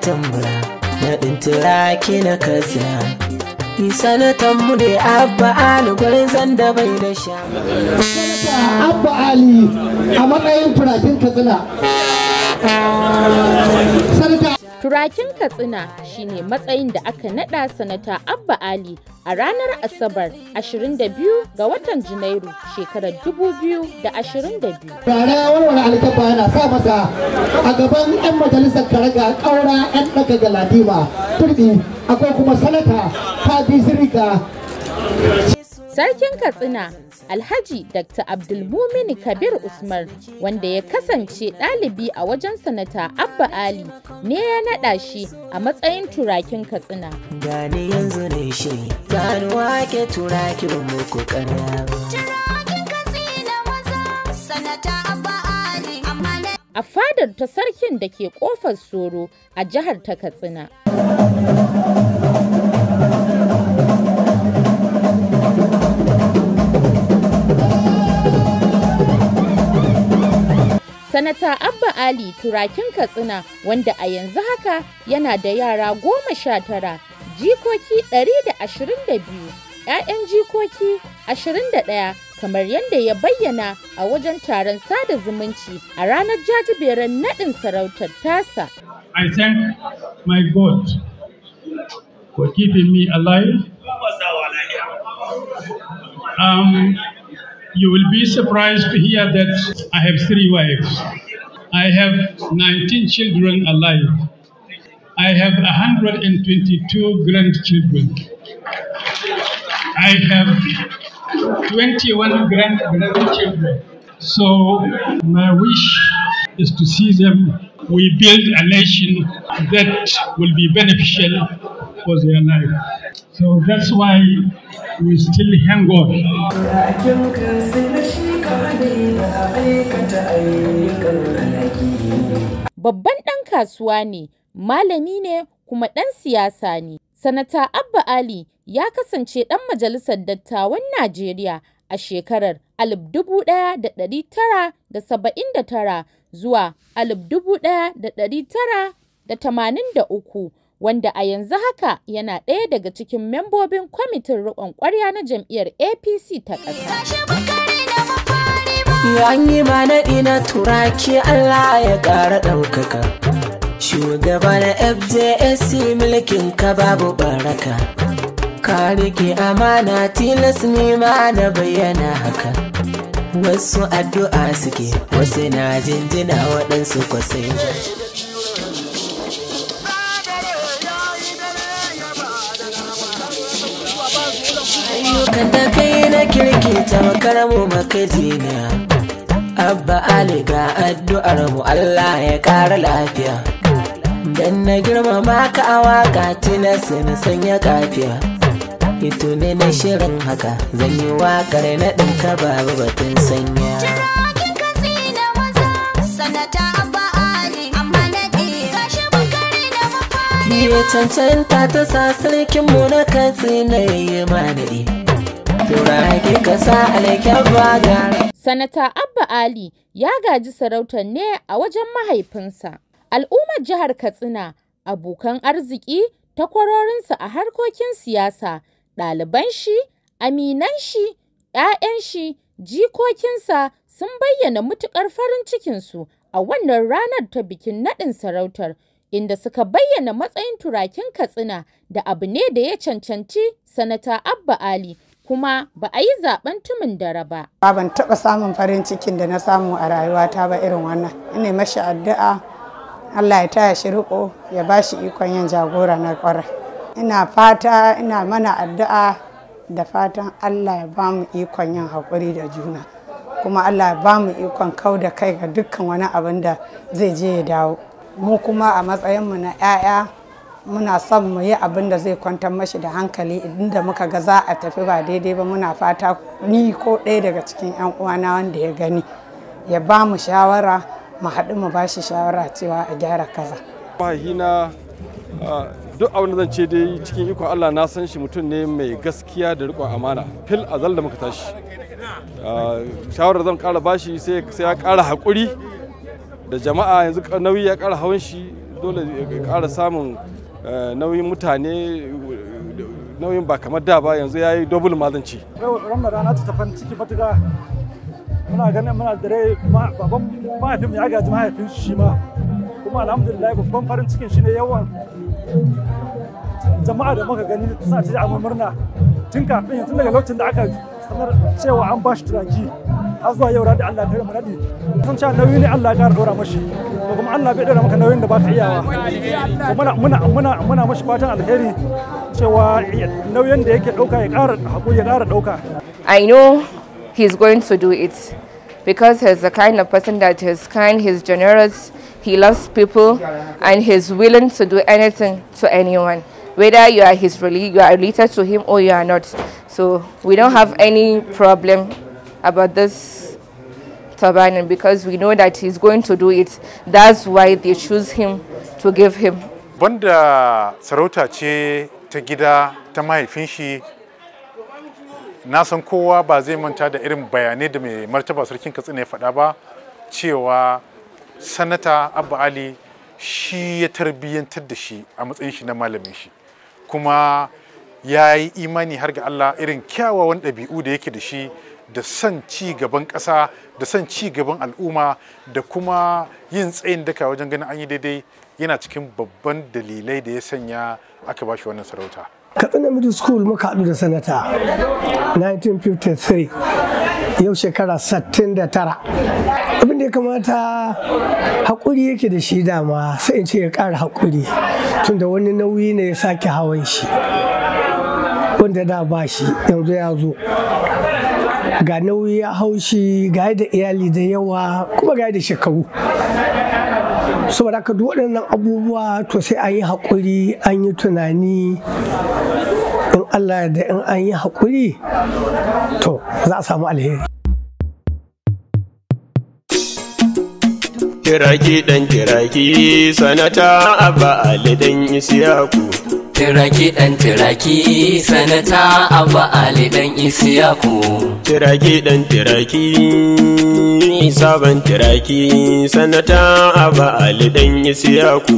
tambura na naɗin turaki na kaza sanatan tambu ne abba ali gwarzon da bai da sha abba ali a matsayin furafin katsina Turakin Katsina shine matsayin da aka nada sanata Abba Ali a ranar Asabar 22 ga watan Janairu shekarar 2022. Rana warware alkafa yana sa masa a gaban 'yan majalisar karaga ƙaura 'yan daga galadima turbi akwai kuma sanata ta zirga. Sarkin Katsina Alhaji Dr. Abdulmumini Kabir Usman wanda ya kasance ɗalibi a wajen sanata Abba Ali ne ya naɗa shi a matsayin turakin Katsina. Gani yanzu ne shi, gani wake turakin muku Turakin A fadar ta sarkin da ke ƙofar Soro a jihar ta Katsina. Sanata Abba Ali turakin Katsina wanda a yanzu haka yana da yara goma sha tara, jikoki da 122, 'ya'yan jikoki 21 kamar yadda ya bayyana a wajen taron sada zumunci a ranar jajiberin naɗin sarautar tasa. I thank my God for keeping me alive. Um, You will be surprised to hear that I have three wives. I have 19 children alive. I have 122 grandchildren. I have 21 grand grandchildren. So my wish is to see them. We build a nation that will be beneficial for their life. So that's why we still hang on. Babban ɗan kasuwa ne, malami ne kuma ɗan siyasa ne. Sanata Abba Ali ya kasance ɗan majalisar dattawan Najeriya a shekarar 1979 zuwa 1983 wanda a yanzu haka yana ɗaya daga cikin membobin kwamitin riƙon ƙwarya na jam'iyyar APC ta ƙasa. Yan yi ba naɗi na turaki Allah ya ƙara ɗaukaka. Shugaba na FJSC mulkin ka babu baraka. Ka rike amana tilas ma na bayyana haka. Wasu addu'a suke, wasu na jinjina waɗansu kwasai. ayyukan da kai na kirki ta makaramu makajina abba ali ga addu'ar mu allah ya ƙara lafiya dan na girmama ka a waka tina na sanya kafiya ito ne na shirin haka zan yi wakar na ɗinka babu batun sanya sanata ya cancanta ta sa sarkinmu na katsi na manadi turaki ake kasa alkyar baga sanata abba ali ya gaji sarautar ne a wajen mahaifinsa al'ummar jihar katsina abokan arziki takwarorinsa a harkokin siyasa ɗaliban shi aminan shi 'ya'yan shi jikokinsa sun bayyana mutuƙar farin cikinsu a wannan ranar ta bikin naɗin sarautar inda suka bayyana matsayin turakin Katsina da abu ne da ya cancanci Sanata Abba Ali kuma ba a yi zaben tumin dare ba. Ban taɓa samun farin cikin da na samu a rayuwata ba irin wannan. Ina mashi addu'a Allah ya taya shi riko ya ba shi ikon yin jagora na kwarai. Ina fata ina mana addu'a da fatan Allah ya ba mu ikon yin haƙuri da juna. Kuma Allah ya ba mu ikon kau da kai ga dukkan wani abin da zai je ya dawo. mu kuma a matsayin mu na 'ya'ya muna son mu yi abin da zai kwantar mashi da hankali inda muka ga za a tafi ba daidai ba muna fata ni ko ɗaya daga cikin 'yan uwana wanda ya gani ya ba mu shawara mu haɗu mu ba shi shawara cewa a gyara kaza. Mahina duk abin da zan ce dai cikin iko Allah na san shi mutum ne mai gaskiya da riƙon amana fil azal da muka tashi shawarar zan ƙara bashi sai ya ƙara haƙuri da jama'a yanzu nauyi ya kara hawan shi dole ya ƙara samun eh, nauyin mutane nauyin ba kamar da ba yanzu ya yi dobul mazanci. Ramna rana ta tafan ciki muna ganin muna dare baban mahaifin ya gaji mahaifin shi ma kuma alhamdulillah babban farin cikin shi ne yawan jama'a da muka gani suna ta a murna tun kafin yanzu daga lokacin da aka sanar cewa an ba shi turaki yau Allah kai mu sun ce nauyi ne Allah ya mashi to kuma Allah bai maka nauyin da baka muna muna muna muna mashi fatan alheri cewa nauyin da yake ya ƙara ya ƙara I know he's going to do it because he's the kind of person that is kind, he's generous, he loves people, and he's willing to do anything to anyone, whether you are his you are related to him or you are not. So we don't have any problem about this Tabanin because we know that he's going to do it. That's why they choose him to give him. Banda sarauta ce ta gida ta mahaifin shi na san kowa ba zai manta da irin bayanai da mai martaba sarkin katsina ya faɗa ba cewa sanata abba ali shi ya tarbiyyantar da shi a matsayin shi na malamin shi kuma ya yi imani har ga allah irin kyawawan ɗabi'u da yake da shi da son ci gaban ƙasa da son ci gaban al'umma da kuma yin tsayin daka wajen ganin an yi daidai yana cikin babban dalilai da ya sanya aka ba shi wannan sarauta. katsina middle school muka haɗu da sanata 1953 yau shekara 69 abin da ya kamata haƙuri yake da shi dama sai in ce ya ƙara haƙuri tunda wani nauyi ne ya sake hawan shi wanda da ba shi yanzu ya zo ga nauyi ya haushi ga da iyali da yawa kuma ga da shekaru saboda aka duk waɗannan abubuwa to sai an yi haƙuri an yi tunani in Allah da in an yi haƙuri to za a samu alheri Kiraki ɗan kiraki sanata abba ali isiyaku Tiraki ɗan tiraki sanata abba Ali ɗan isiyaku. Tiraki ɗan tiraki sabon tiraki sanata abba Ali ɗan isiyaku.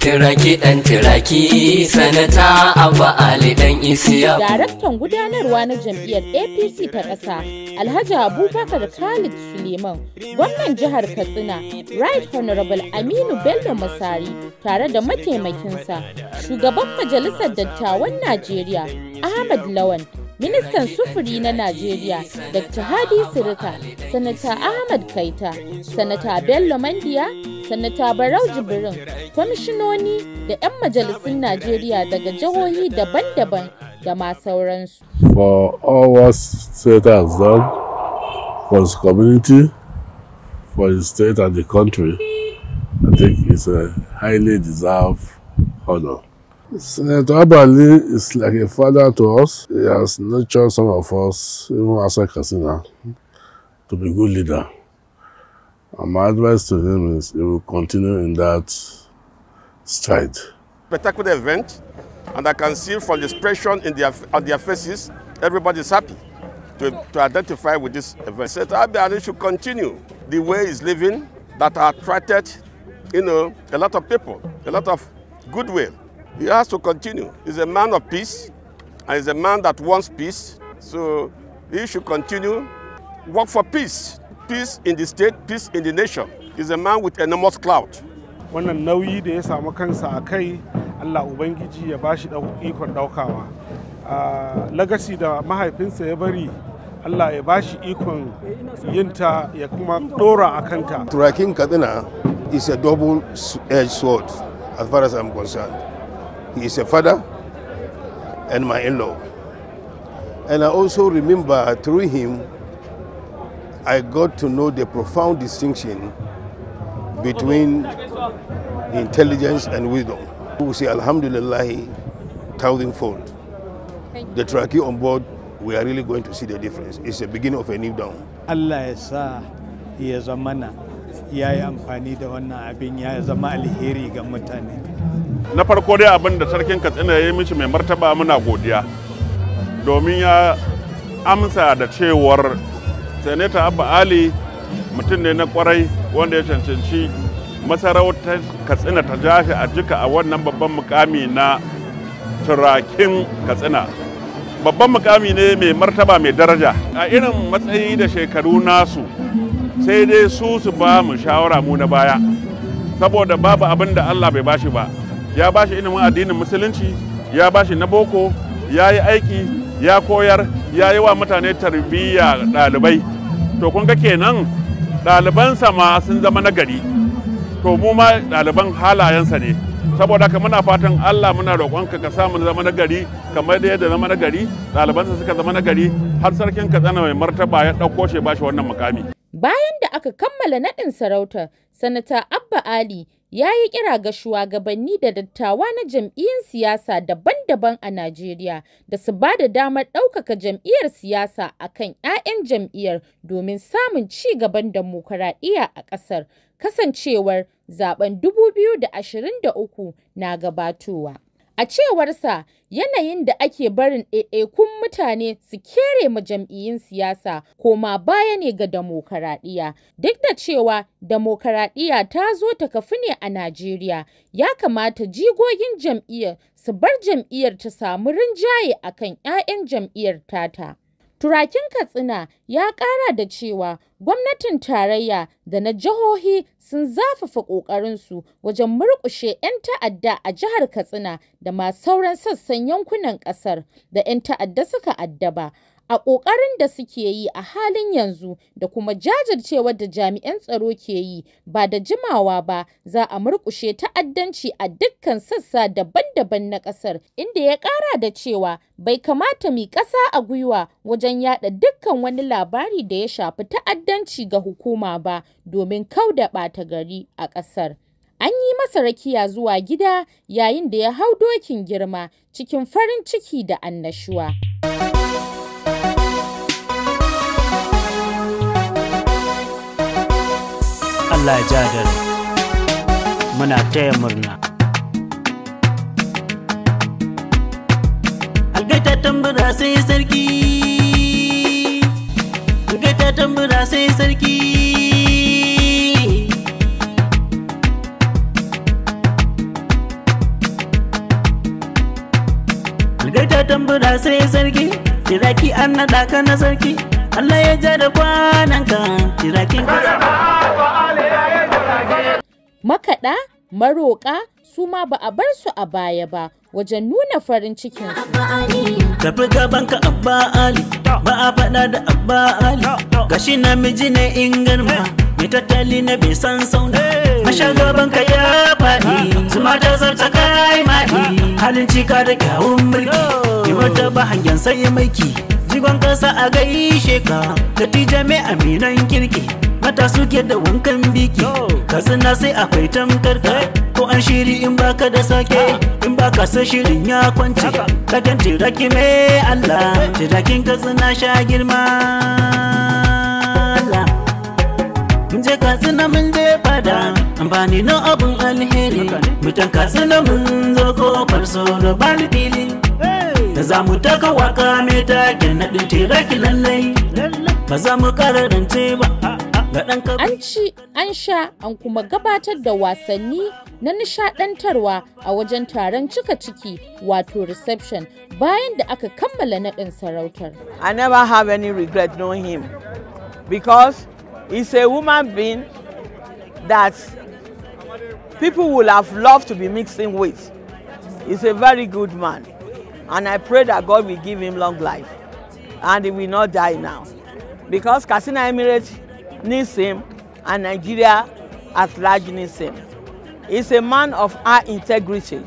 Tiraki ɗan tiraki sanata abu Ali ɗan Isiya. Daraktan gudanarwa na jam'iyyar APC ta ƙasa Alhaji Abubakar Khalid Suleiman, gwamnan jihar Katsina, Right Honorable Aminu Bello Masari tare da mataimakinsa, shugaban majalisar dattawan Najeriya Ahmad Lawan ministan sufuri na najeriya dr hadi sirika sanata ahmad kaita sanata bello mandiya Sanata Barau Jibrin, kwamishinoni da 'yan majalisun Najeriya daga jihohi daban-daban da ma sauransu. For all what state has done for his community, for his state and the country, I think it's a highly deserved honor. Senator Abali is like a father to us. He has nurtured some of us, even as a Katsina, to be good leader. And my advice to him is he will continue in that stride. Spectacular event, and I can see from the expression in their, on their faces, everybody is happy to, to identify with this event. Said should continue the way he's living that attracted, you know, a lot of people, a lot of goodwill. He has to continue. He's a man of peace, and he's a man that wants peace. So he should continue, work for peace peace in the state, peace in the nation, is a man with enormous clout. Wannan nauyi da ya samu kansa a kai, Allah Ubangiji ya bashi ikon daukawa. Lagasi da mahaifinsa ya bari Allah ya bashi ikon yinta ya kuma dora a kanta. Turakin Katsina is a double-edged sword as far as I'm concerned. He is a father and my in-law. And I also remember through him I got to know the profound distinction between intelligence and wisdom. We say Alhamdulillah thousandfold. The trachea on board, we are really going to see the difference. It's the beginning of a new dawn. Allah ya sa ya zamana ya yi amfani da wannan abin ya zama alheri ga mutane. Na farko dai abin da sarkin Katsina ya yi mishi mai martaba muna godiya domin ya amsa da cewar Senator Abba Ali mutum ne na kwarai wanda ya cancanci masarautar Katsina ta jashi a jika a wannan babban mukami na turakin Katsina. Babban mukami ne mai martaba mai daraja. A irin matsayi da shekaru nasu sai dai su su ba mu shawara mu na baya. Saboda babu abin da Allah bai bashi ba. Ya bashi ilimin addinin musulunci, ya bashi na boko, ya yi aiki, ya koyar, ya yi wa mutane tarbiyya ɗalibai to kun ga kenan ɗalibansa ma sun zama nagari to mu ma ɗaliban halayensa ne saboda haka muna fatan Allah muna roƙonka ka samu zama nagari kamar da yadda zama nagari ɗalibansa suka zama nagari har sarkin ka tsana mai martaba ya ɗauko shi ba shi wannan mukami bayan da aka kammala naɗin sarauta sanata Abba Ali ya yi kira ga shugabanni da dattawa na jam'iyyar siyasa daban-daban a Najeriya da su ba da damar ɗaukaka jam'iyyar siyasa a kan 'ya'yan jam'iyyar domin samun ci gaban dimokuraɗiyya a ƙasar, kasancewar zaben 2023 na gabatowa. A cewarsa, yanayin da ake barin ɗaiɗaikun mutane su kere ma jam'iyyun siyasa koma baya ne ga demokaraɗiyya. Duk da cewa demokaraɗiyya ta zo ta kafu ne a Najeriya, ya kamata jigogin jam'iyyar su bar jam'iyyar ta samu rinjaye a kan 'ya'yan jam'iyyar tata. Turakin Katsina ya ƙara da cewa gwamnatin tarayya da na jihohi sun zafafa ƙoƙarinsu wajen murƙushe 'yan ta'adda a jihar Katsina da ma sauran sassan yankunan ƙasar da 'yan ta'adda suka addaba. a ƙoƙarin da suke yi a halin yanzu da kuma jajircewar da jami'an tsaro ke yi ba da jimawa ba za a murƙushe ta'addanci a dukkan sassa daban-daban na ƙasar inda ya ƙara da cewa bai kamata mu ƙasa a gwiwa wajen yaɗa dukkan wani labari da ya shafi ta'addanci ga hukuma ba domin kauda ɓata gari a ƙasar. an yi masa rakiya zuwa gida yayin da ya hau dokin girma cikin farin ciki da annashuwa. Allah ya ja da muna taya murna algaita tambura sai sarki algaita tambura sai sarki algaita tambura sai sarki tiraki an naɗa ka na sarki Allah ya ja da kwananka tirakin ka Makaɗa, maroƙa su ma ba a bar su a baya ba wajen nuna farin cikin su. Tafi gaban ka Abba Ali, ba a faɗa da Abba Ali, gashi namiji ne in mai tattali na bai san sauna. Masha gaban ka ya faɗi, ma ta zarta kai maɗi, halin cika da kyawun mulki, ki mata ba hangen sai maiki. Jigon kasa a gaishe ka, da tijame minan kirki. mata suke da wankan biki suna sai akwai tamkar ka eh. ko an shiri in baka da sake ah. in baka sai shirin ya kwance kakan tiraki me Allah tirakin eh. katsina sha girma mun je suna mun je fada na abun alheri mutan katsina mun zo ko farso da bani fili da za mu taka waka mai taken naɗin tiraki lallai ba za mu ƙararance ba ah. An ci, an sha, an kuma gabatar da wasanni na nishadantarwa a wajen taron cika ciki wato reception bayan da aka kammala naɗin sarautar. I never have any regret knowing him because he's a woman being that people will have loved to be mixing with. He's a very good man and I pray that God will give him long life and he will not die now because Kasina Emirates Nisim and Nigeria at large Nisim. He's a man of high integrity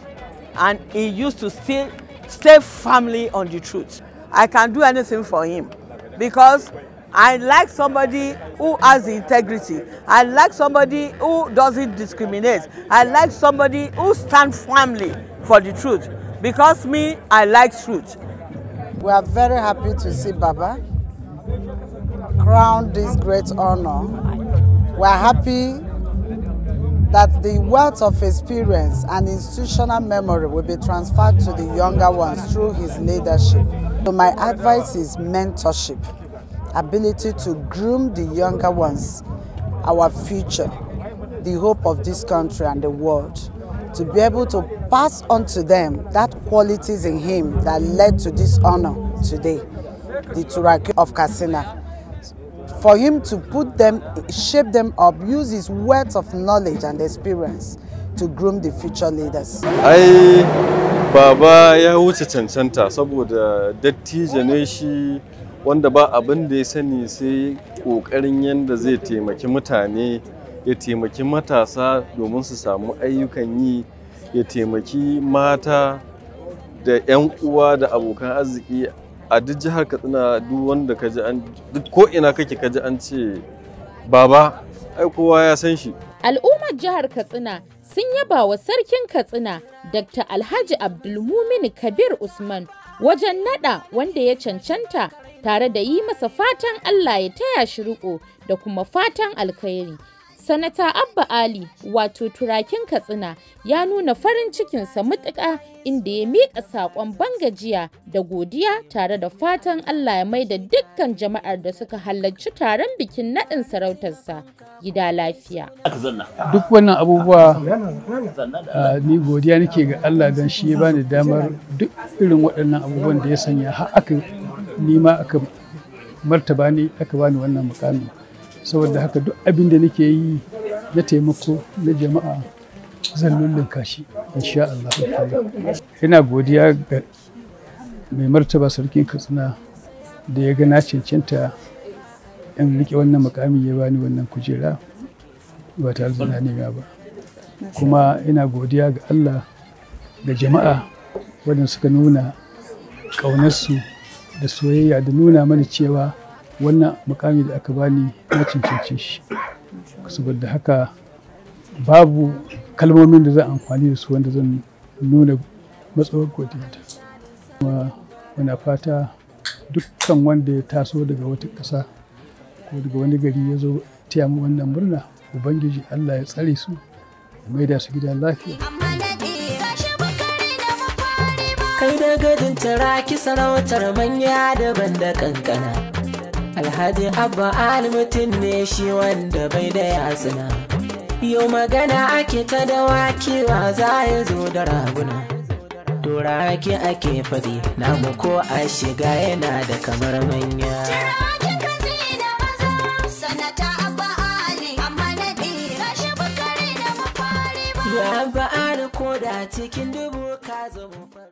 and he used to still stay firmly on the truth. I can do anything for him because I like somebody who has integrity. I like somebody who doesn't discriminate. I like somebody who stands firmly for the truth because me, I like truth. We are very happy to see Baba crowned this great honor. We're happy that the wealth of experience and institutional memory will be transferred to the younger ones through his leadership. So my advice is mentorship, ability to groom the younger ones, our future, the hope of this country and the world, to be able to pass on to them that qualities in him that led to this honor today, the Turaki of Kasina. for him to put them, shape them up, use his words of knowledge and experience to groom the future leaders. Ai baba ya wuce cancanta saboda dattijo ne shi wanda ba abin da ya sani sai kokarin yadda zai taimaki mutane ya taimaki matasa domin su samu ayyukan yi ya taimaki mata da 'yan uwa da abokan arziki a duk jihar katsina duk wanda ka an duk ko ina kake ka ji an ce baba ai kowa ya san shi al'ummar jihar katsina sun yaba wa sarkin katsina dr alhaji abdulmumin kabir usman wajen nada wanda ya cancanta tare da yi masa fatan allah ya taya shi riko da kuma fatan alkhairi Sanata Abba Ali wato turakin Katsina ya nuna farin cikinsa matuƙa inda ya miƙa saƙon gajiya da godiya tare da fatan Allah ya mai da dukkan jama'ar da suka halarci taron bikin naɗin sarautarsa gida lafiya. Duk wannan abubuwa ah, ni godiya nake ga Allah don shi ya bani damar duk irin waɗannan abubuwan da ya sanya har aka nima aka martaba ni aka bani wannan mukamin. saboda haka duk abin da nake yi na taimako na jama'a zan lullunka shi insha Allah ina godiya ga mai martaba sarkin katsina da ya gana cancanta in rike wannan mukami ya bani wannan kujera ba ta da nema ba kuma ina godiya ga Allah ga jama'a wadanda suka nuna ƙaunarsu da soyayya da nuna mana cewa wannan mukami da aka bani na cancance shi saboda haka babu kalmomin da zan amfani da su wanda zan nuna matsawar godiya kuma muna fata dukkan wanda ya taso daga wata ƙasa ko daga wani gari ya zo taya mu wannan murna ubangiji allah ya tsare su ya maida su gida lafiya kai da gadin tara ki sarautar manya daban da kankana alhaji abba mutum ne shi wanda bai da yasina yau magana ake ta da wakewa za ya zo da raguna dora ake ake fadi namu ko a shiga yana da kamar manya Ya ba ko da cikin dubu ka zama